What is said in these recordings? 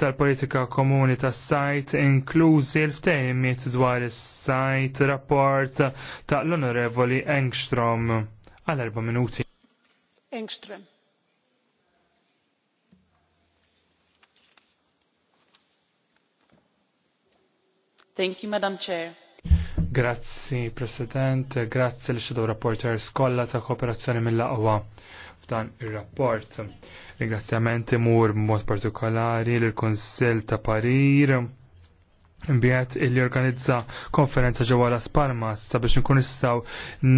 tal-politika komuni tas sajt inklużi l-ftejmiet dwar is-sajt rapport ta' l-Onorevoli Engstrom għal erba minuti. Engstrom. Thank you, Madam Chair. Grazzi, President, grazzi l-Shadow Rapporters kolla ta' kooperazzjoni mill laqwa f'dan ir-rapport. Ringrazzjament imur mod partikolari l kunsill ta' Parir imbiet illi organizza konferenza ġewwa Las Palmas sabiex nkun nistgħu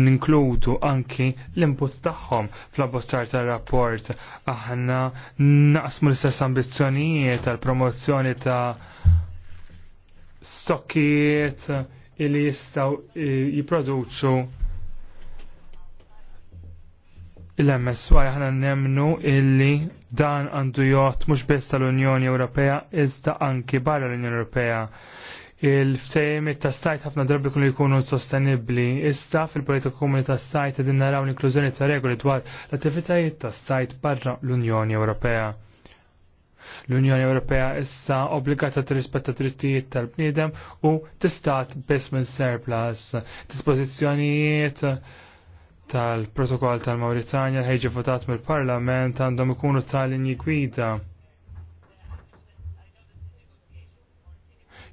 ninkludu anki l-input tagħhom fl abbozzar tar-rapport. Aħna naqsmu l-istess ambizzjonijiet tal-promozzjoni ta' stokkijiet illi jistgħu eh, jipproduċu il għaj ħana nemnu illi dan għandu jott mux biss tal-Unjoni Ewropea iżda anki barra l-Unjoni Ewropea il-ftejmi ta' sajt ħafna drabi kun jkunu sostenibli. Issa fil-politika komuni ta' sajt din naraw l-inklużjoni ta' regoli dwar l-attivitajiet ta' sajt barra l-Unjoni Ewropea. L-Unjoni Ewropea issa obbligata tirrispetta drittijiet tal-bniedem u tistat biss minn surplus, dispożizzjonijiet tal-protokoll tal-Mauritania ħejġi votat mill-Parlament għandhom ikunu tal linji gwida.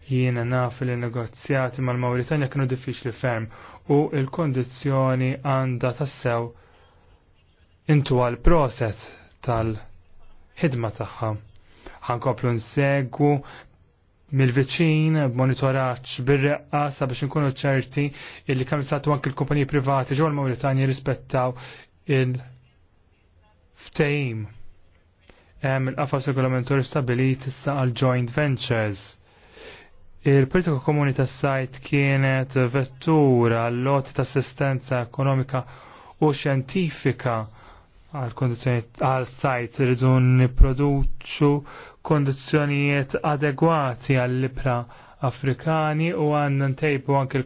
Jiena naf li negozjati mal-Mauritania kienu diffiċli ferm u il-kondizjoni għanda tassew intu għal proset tal-ħidma tagħha. Ħankoplu nsegwu mill-viċin, monitoraċ bir-reqqa sabiex nkunu ċerti illi kemm satu anki l-kumpaniji privati ġol Mauritania jirrispettaw il-ftehim. Hemm il-qafas regolamentori stabilit issa għal joint ventures. Il-politika komuni tas sajt kienet vettura l-lot ta' assistenza ekonomika u xjentifika għal kondizjoniet għal sajt irridu niproduċu kondizjonijiet adegwati għall libra Afrikani u għanna ntejbu anke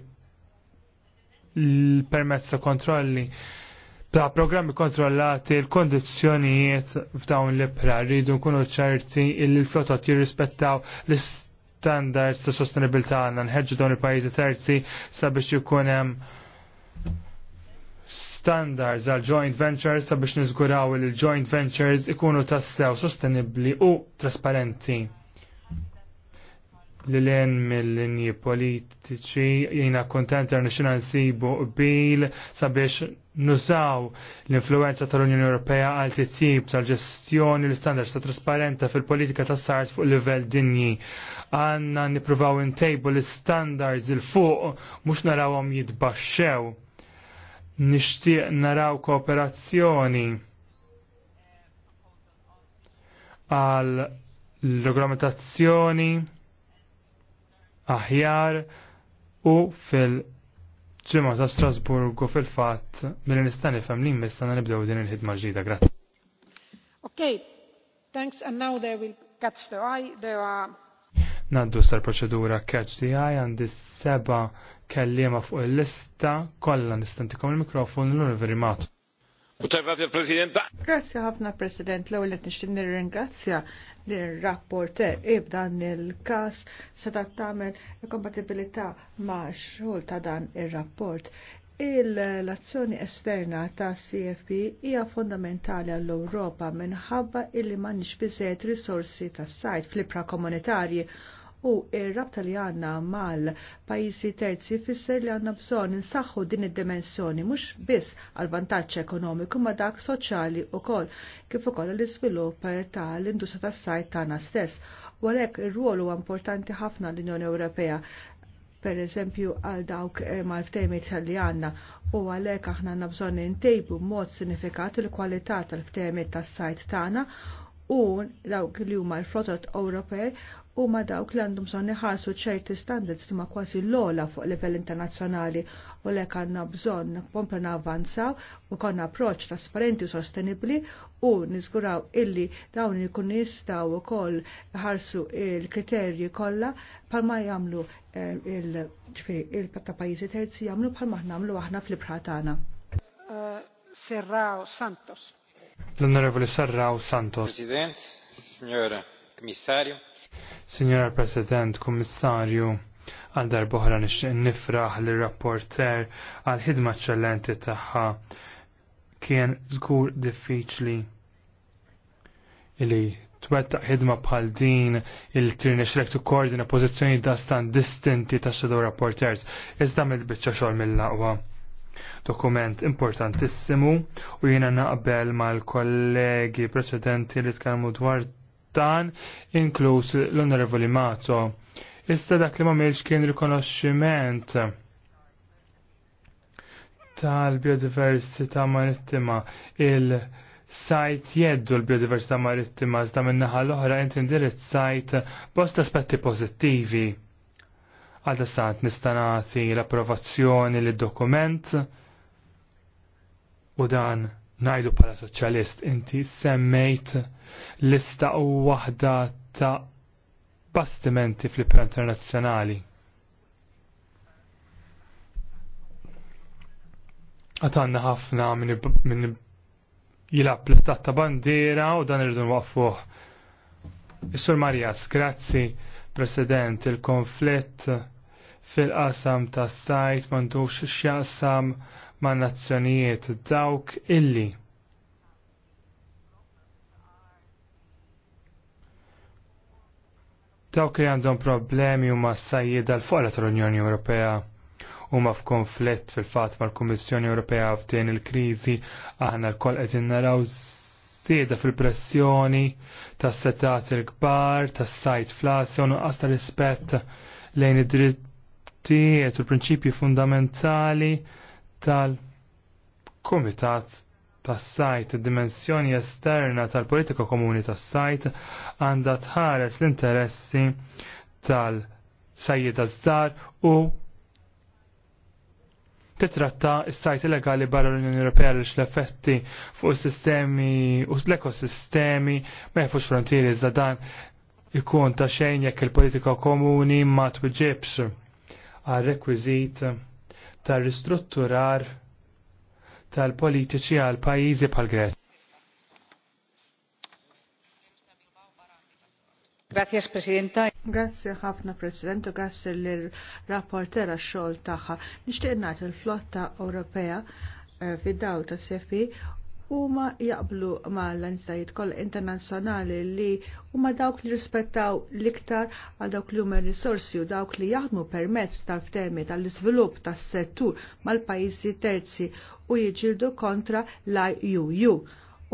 l-permezz ta' kontrolli ta' programmi kontrollati l-kondizjonijiet f'dawn l-ibra rridu nkunu ċerti l flotot jirrispettaw l-standards ta' sostenibilità għandna nħeġġu dawn il-pajjiżi terzi sabiex jkun hemm standards għal joint ventures sabiex niżguraw li l-joint ventures ikunu tassew sostenibbli u trasparenti. l len mill-linji politiċi jina kontenta nixina nsibu bil sabiex nużaw l-influenza tal-Unjoni Ewropea għal titsib tal-ġestjoni l-standards ta' trasparenta fil-politika tas sart fuq livell dinji. Għanna nipruvaw intejbu l-standards il-fuq mux narawhom jitbaxxew nixtieq naraw kooperazzjoni għal regolamentazzjoni aħjar u fil-ġimgħa ta' Strasburgu fil-fatt milli nista' nifhem li jmissa nibdew din il-ħidma ġdida. Grazzi. Okay, thanks and now there will catch the eye. There are Naddu sar proċedura catch the eye għandi seba kellima fuq il-lista kollha nistantikom il-mikrofon l-Univeri Matu. Grazie ħafna President, l-ewwel qed nixtieq nirringrazzja lir-rapporter ibdan il-każ seta' tagħmel kompatibilità ma' xogħol ta' dan ir-rapport. Il-azzjoni esterna ta' CFP hija fondamentali għall-Ewropa minħabba illi nix biżejjed risorsi tas-sajt fl ipra komunitarji u ir-rabta li għanna mal-pajjiżi terzi fisser li għanna bżonn insaħħu din id-dimensjoni mhux biss għal vantaġġ ekonomiku ma dak soċjali wkoll kif ukoll l-iżvilupp tal-industrija tas-sajt tagħna stess. U għalhekk ir-rwol huwa importanti ħafna l-Unjoni Ewropea per eżempju għal dawk eh, mal-ftejmit li għanna u għalhekk aħna bżonn intejbu mod sinifikat il-kwalità tal ftejmi tas-sajt tagħna u dawk li huma l-flotot Ewropej u ma dawk li għandhom son niħarsu ċerti standards li ma kważi l-ola fuq livell internazzjonali u lek għandna bżonn komplu avanzaw u konna approċ trasparenti u sostenibli u niżguraw illi dawn ikun jistgħu wkoll ħarsu il-kriterji kollha bħalma jagħmlu eh, il-ta' pajjiżi terzi jagħmlu bħalma ħnamlu aħna fl-ibħra tagħna. Eh, Serrao Santos l-Onorevoli Sarraw Santos. President, Signor Commissario. Signor President, Commissario, għal darbohra nixtieq nifraħ li rapporter għal ħidma ċellenti tagħha kien żgur diffiċli illi twettaq ħidma bħal din il-tirni xrek tu koordina pozizjoni dastan distinti ta' shadow rapporters iżda mill-bicċa xogħol mill-laqwa. Dokument importantissimu u jiena naqbel mal-kollegi preċedenti li tkellmu dwar dan inkluż l-Onorevoli Mato. Issa dak li ma m'għamilx kien rikonoxximent tal-biodiversità marittima il- sajt jeddu l-biodiversità marittima iżda min-naħa l-oħra inti bost aspetti pożittivi għal stant nistanati l-approvazzjoni l dokument u dan najdu pala soċjalist inti semmejt lista u wahda ta' bastimenti fl-ipra internazzjonali. Għatanna ħafna minn jilab l-istat ta' bandiera u dan irridu nwaqfuħ. Is-Sur Marjas, grazzi, President, il-konflitt fil-qasam ta' sajt mandux xjaqsam ma' nazzjonijiet dawk illi. Dawk li għandhom problemi huma sajjida l fuq tal-Unjoni Ewropea huma f'konflitt fil-fatt mal-Kummissjoni Ewropea f'din il-kriżi aħna l koll qegħdin naraw sieda fil-pressjoni tas-setat il-kbar, tas-sajt fl u nuqqas ta' rispett lejn id-dritt drittijiet u l-prinċipji fundamentali tal-Komitat tas-sajt, id-dimensjoni esterna tal-politika komuni tas-sajt għandha tħares l-interessi tal-sajjida azzar u titratta s-sajt illegali barra l-Unjoni Ewropea li l-effetti fuq is-sistemi u l-ekosistemi ma jafux frontieri iżda dan ikun ta' xejn jekk il-politika komuni ma twiġibx għal rekwizit tar ristrutturar tal-politiċi għal pajjiżi bħal Gret. Grazie, Presidenta. Grazie ħafna, Presidenta, grazie l-rapportera xol taħħa. Nishtiq nagħti l-flotta Ewropea eh, fid-dawl ta' CFP huma jaqblu ma l-anżajiet kollha internazzjonali li huma dawk li rispettaw l-iktar għal dawk li huma risorsi u dawk li jaħdmu permezz tal-ftemi tal-iżvilupp tas-settur mal-pajjiżi terzi u jiġildu kontra l-IUU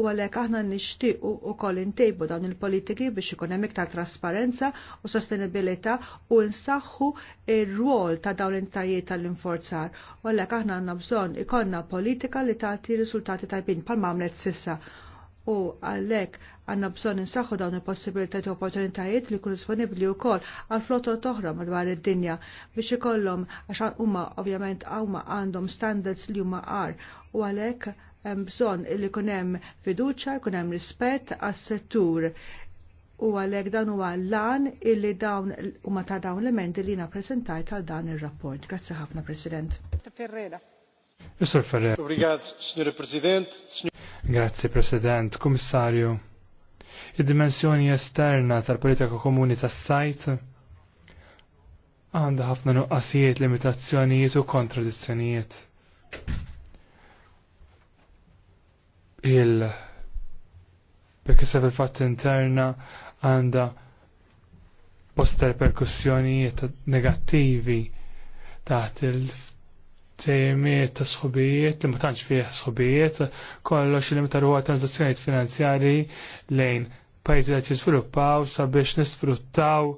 u għalhekk aħna u ukoll intejbu dawn il-politiki biex ikun hemm iktar trasparenza u sostenibilità u nsaħħu ir-rwol ta' dawn l-intajiet tal-inforzar. U għalhekk aħna għandna bżonn ikollna politika li tagħti riżultati tajbin bħalma għamlet sissa u għalhekk għandna bżonn insaħħu dawn il-possibilitajiet u opportunitajiet li jkunu disponibbli wkoll għal flotta oħra madwar id-dinja biex ikollhom għax huma ovvjament huma għandhom standards li huma għar u għalhekk hemm bżonn li jkun hemm fiduċja, jkun hemm rispett għas-settur u għalhekk dan huwa lan illi dawn huma ta' dawn l-emendi li na preżentajt għal dan ir-rapport. Grazzi ħafna President. Ferrer. President. Grazie, President. Komissarju, id-dimensjoni esterna tal-politika komuni tas-sajt għandha ħafna nuqqasijiet, limitazzjonijiet u kontradizzjonijiet. Il bekisef il-fatt interna għandha poster reperkussjonijiet negattivi taħt il temiet ta' sħubijiet, li ma tantx fih sħubijiet, kollox li meta ruwa transazzjonijiet finanzjarji lejn pajjiżi qed jiżviluppaw sabiex nisfruttaw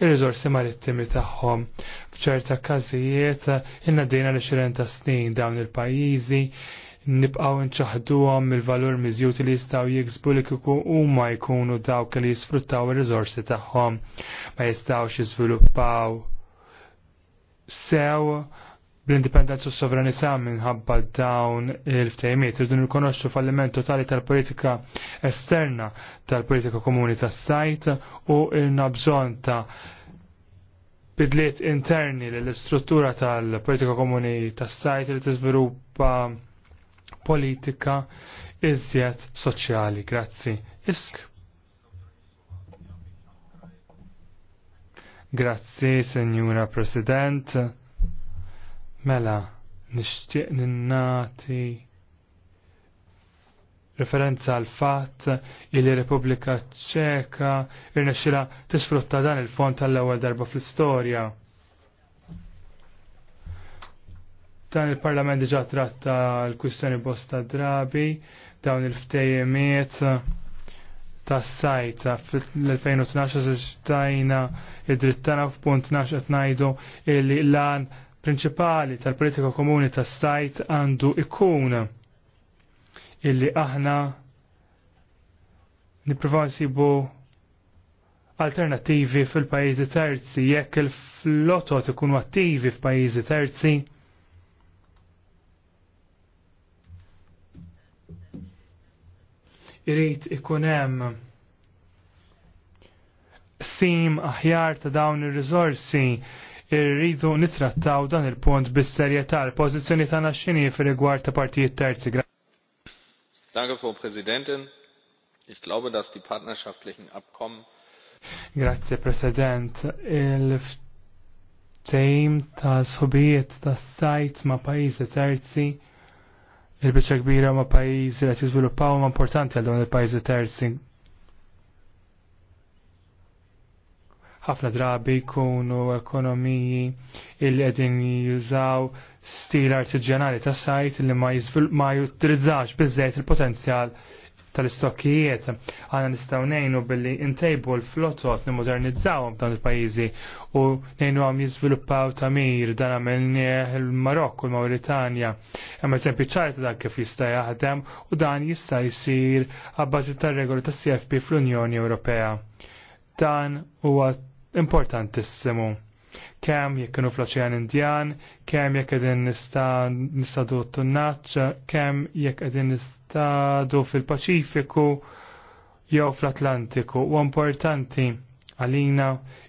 ir rizorsi marittimi tagħhom. F'ċerta każijiet innadina li xirenta snin dawn il-pajjiżi nibqaw nċaħduhom il-valur miżjuti li jistgħu jiksbu li kieku huma jkunu dawk li jisfruttaw ir-riżorsi tagħhom ma jistgħux jiżviluppaw sew bl-indipendenza u sovranità minħabba dawn il-ftejmiet irdu nirkonoxxu falliment totali tal-politika esterna tal-politika komuni tas-sajt u irna bżonn ta' bidliet interni l-istruttura tal-politika komuni tas-sajt li tiżviluppa politika iżjed soċjali. Grazzi. Isk. Grazzi, Signora President. Mela, nixtieq ninnati referenza għal fatt il Repubblika Ċeka irnexxila tisfrutta dan il-fond tal-ewwel darba fl-istorja. Dan il-Parlament diġà tratta l-kwistjoni bosta drabi dawn il-ftejjemiet tas-sajt fl-2012 tajna id-drittana f'punt 12 qed ngħidu il-lan prinċipali tal-politika komuni tas-sajt għandu ikun illi aħna niprofaw nsibu alternativi fil-pajjiżi terzi jekk il flotto ikunu attivi f'pajjiżi terzi. irrit ikun hemm sim aħjar ta' dawn ir rizorsi irridu nitrattaw dan il-punt bis-serjetà l-pożizzjoni tagħna x'inhi fir-rigward ta' partijiet terzi. Danke, Frau Präsidentin. Ich glaube, dass die partnerschaftlichen Abkommen Grazie President. Il-ftejm ta' sobijiet ta' sajt ma' pajizi terzi il-bicċa kbira ma' pajizi li jiżviluppaw ma' importanti għal dawn il-pajizi terzi ħafna drabi jkunu ekonomiji il qegħdin jużaw stil artiġjanali ta' sajt li ma ma jutrizzax biżejt il-potenzjal tal-istokkijiet. Għana nistaw nejnu billi intejbu l-flottot nimmodernizzawhom dawn il-pajjiżi u nejnu għam jiżviluppaw tamir dan għamilni il marokku u l-Mauritania. Hemm eżempju ċarta dak kif jista' jaħdem u dan jista' jsir għabbażi tar-regoli tas-CFP fl-Unjoni Ewropea dan huwa importantissimu. Kem jekk kienu fl-Oċean Indjan, kem jekk qegħdin nistadu t tunnaċ kem jekk qegħdin nistadu fil-Paċifiku jew fl-Atlantiku. U importanti għalina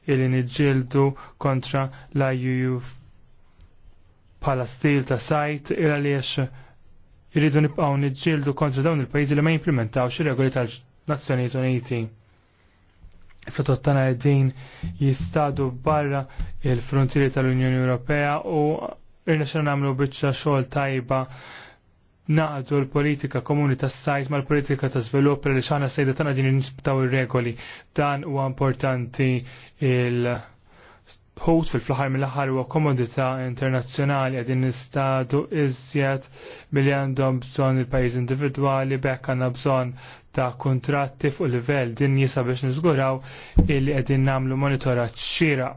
illi niġġieldu kontra l juju bħala stil ta' sajt il għaliex irridu nibqgħu niġġieldu kontra dawn il-pajjiżi li ma jimplementawx ir-regoli tal-Nazzjonijiet Uniti flotot tana din jistadu barra il-frontieri tal-Unjoni Ewropea u irna namlu bieċa xogħol tajba naħdu l-politika komuni ta' sajt ma' l-politika ta' svelop li xana sejda tana din nisbtaw ir regoli Dan huwa importanti il- ħut fil-flaħar mill-aħħar u komodità internazzjonali qegħdin nistadu iżjed milli għandhom bżonn il-pajjiż individwali bekk għanna bżonn ta' kuntratti fuq livell din jisa biex niżguraw illi qegħdin nagħmlu monitoraġġ xieraq.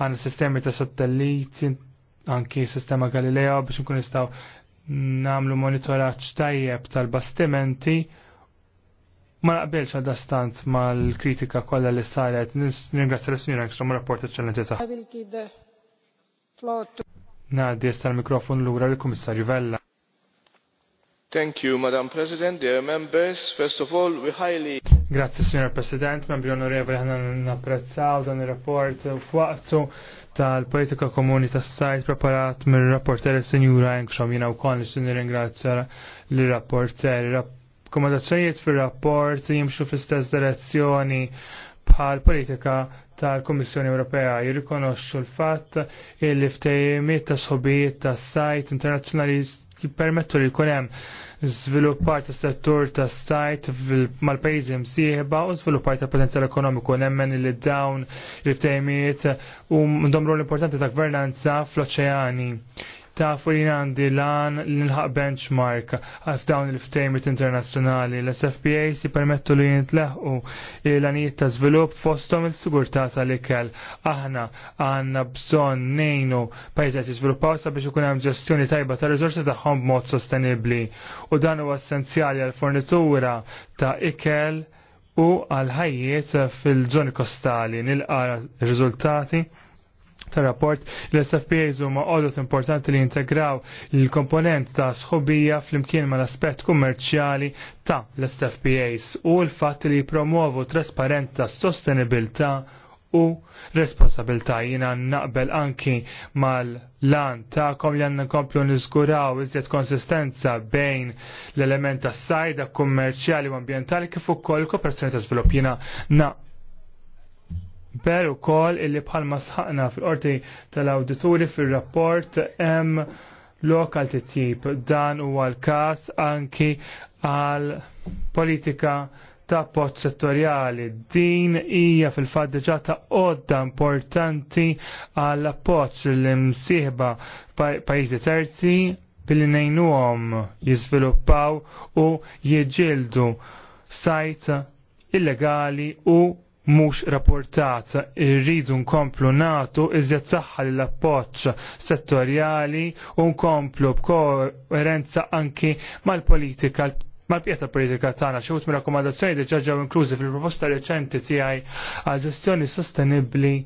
Għandna sistemi ta' satelliti anki sistema Galileo biex nkun nistgħu nagħmlu monitoraġġ tajjeb tal-bastimenti Ma naqbilx għadda stant mal-kritika kollha li saret, ningrazzja l-Sinjur Ekstrom rapport eċċellenti ta' Nadi jesta l-mikrofon l-ura l-Kummissarju Vella. Thank you, Madam President, dear members. First of all, we highly... Grazie, Signor President, membri onorevoli, n-apprezzaw dan il-rapport f'waqtu tal-politika komuni tas sajt preparat mill rapporter il-Sinjura Engstrom, jina u kon li s ringrazzja l-rapporter, komandazzjonijiet fir rapport jimxu fl-istess direzzjoni bħal politika tal komissjoni Ewropea jirrikonoxxu l-fatt li ftejmiet ta' sħobijiet ta' sajt internazzjonali jippermettu li jkun hemm żviluppar ta' settur ta' sajt mal-pajjiżi msieħba u żviluppar ta' potenzjal ekonomiku nemmen li dawn il-ftejmiet u domru l-importanti ta' gvernanza fl-oċeani ta' furin għandi lan l-inħaq benchmark għaf dawn il-ftejmit internazzjonali l-SFPA si permettu li jintleħu l għanijiet ta' zvilup fostom il-sigurta tal-ikel. Aħna għanna bżon nejnu pajzet sa' sabiex ikun hemm ġestjoni tajba ta' riżorsi tagħhom b'mod sostenibbli u dan huwa essenzjali għal fornitura ta' ikel u għal ħajjiet fil-żoni kostali għal riżultati ta' rapport l-SFPAs huma għodot importanti li integraw l-komponent ta' sħobija fl-imkien ma' l-aspett kummerċjali ta' l-SFPAs u l fat li promuovu trasparenza, sostenibilta' u responsabilta jina naqbel anki mal-lan kom li għanna komplu nizguraw iżjed konsistenza bejn l elementa sajda kummerċjali u ambientali kif ukoll kooperazzjoni ta' svilupp jina Per u kol illi bħalma sħaqna fil-qorti tal-awdituri fil-rapport em lokal titjib dan huwa l-kas anki għal politika ta' pot settorjali. Din hija fil-fatt diġà ta' odda importanti għall appoġġ l msieħba pajjiżi terzi billi ngħinuhom jiżviluppaw u jiġġieldu sajt illegali u mhux rapportat irridu nkomplu natu iżjed saħħa l appoġġ settorjali u nkomplu b'koerenza anki mal-politika mal-pjeta politika tagħna xi wħud mir-rakkomandazzjoni diġà ġew inklużi fil-proposta reċenti tiegħi għal ġestjoni sostenibbli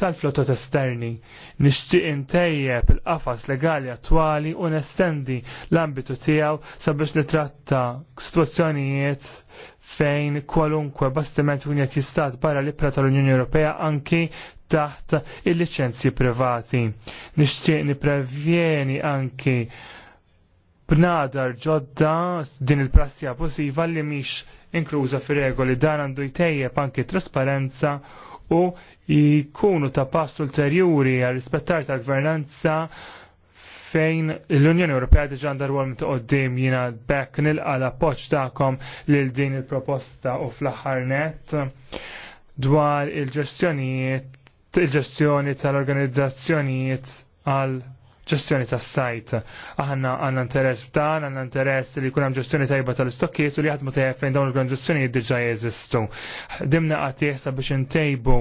tal flotta esterni. Nixtieq intejjeb il-qafas legali attwali u nestendi l-ambitu tiegħu sabiex nitratta situazzjonijiet fejn kwalunkwe bastiment u jistat jistat barra l tal-Unjoni Ewropea anki taħt il-licenzji privati. Nixtieq niprevjeni anki b'nadar ġodda din il-prassi abusiva li mhix inkluża fir-regoli dan għandu jtejjeb anki trasparenza u jkunu ta' pass ulterjuri għal rispettar ta' gvernanza fejn l-Unjoni Ewropea diġa għandha rwol meta qoddim jiena bekk nilqa' l-appoġġ tagħkom lil din il-proposta u fl-aħħar net dwar il-ġestjonijiet il-ġestjoni tal-organizzazzjonijiet għal ġestjoni tas sajt. Aħna għanna interess f'dan, għanna interess li kunem ġestjoni tajba tal-istokkiet u li għatmu ta' fejn dawn l-organizzazzjoni diġa jeżistu. Dimna għat jessa biex intejbu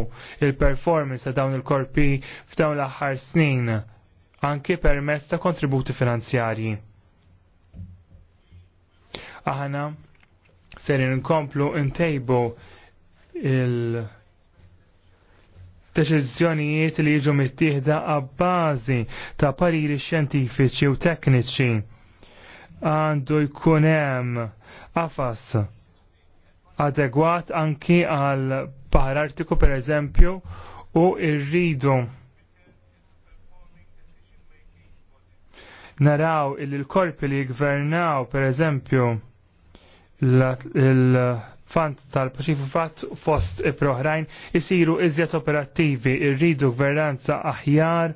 il-performance ta' dawn il-korpi f'dawn l-aħħar snin, anki permezz ta' kontributi finanzjarji. Aħna serin inkomplu intejbu il- deċiżjonijiet li jiġu mittieħda għabbażi ta' pariri xjentifiċi u tekniċi għandu jkun hemm qafas adegwat anki għal Bahar Artiku per eżempju u irridu naraw il-korpi li jgvernaw per eżempju fant tal-Paċifu fatt fost proħrajn isiru iżjed operattivi irridu gvernanza aħjar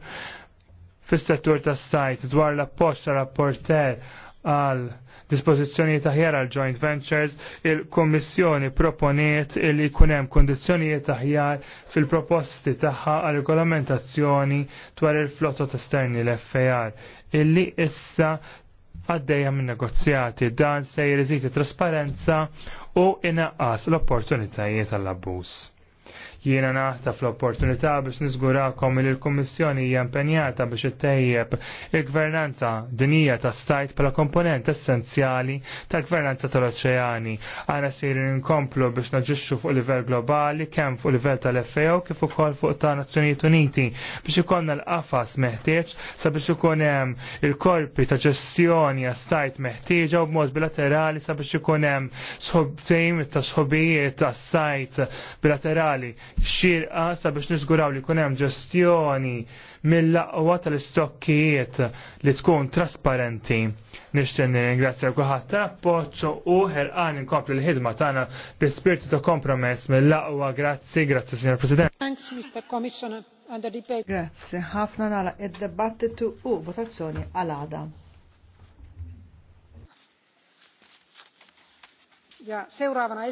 fis-settur tas-sajt dwar l-appoġġ rapporter għal dispozizjoni taħjar għal joint ventures, il-Kommissjoni proponiet il jkun hemm kondizzjonijiet taħjar fil-proposti tagħha għal regolamentazzjoni dwar il flotto esterni l-FAR, illi issa għaddeja minn negozjati dan se jirriżiti trasparenza u inaqqas l-opportunitajiet għall-abbuż. Jiena naħta fl-opportunità biex niżgurakom li l-Kummissjoni hija impenjata biex ittejjeb il-gvernanza dinija ta' stajt bħala komponent essenzjali tal-gvernanza tal-oċeani. Għana sir inkomplu biex naġixxu fuq livell globali kemm fuq livell tal-FAO kif ukoll fuq ta' Nazzjonijiet Uniti biex ikollna l-qafas meħtieġ sabiex ikun hemm il-korpi ta' ġestjoni għas-sajt meħtieġa u b'mod bilaterali sabiex ikun hemm sħobtejn ta' sħobijiet tas-sajt bilaterali xirqa sabiex nisguraw li kunem ġestjoni mill-laqwa tal-istokkijiet li tkun trasparenti. Nishtin ringrazzja kuħat tal-appoċċo u ħerqan inkompli l-ħidma tagħna bi spirtu ta' kompromess mill-laqwa. Grazzi, grazzi, Signor President. Thanks, Mr. Commissioner, Grazzi, ħafna nara id-debattitu u votazzjoni għal-għada. Ja, seuraavana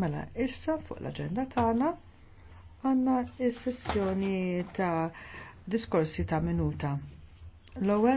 Mela, issa fuq l-agenda tagħna għandna is sessjoni ta' diskorsi ta' minuta. L-ewwel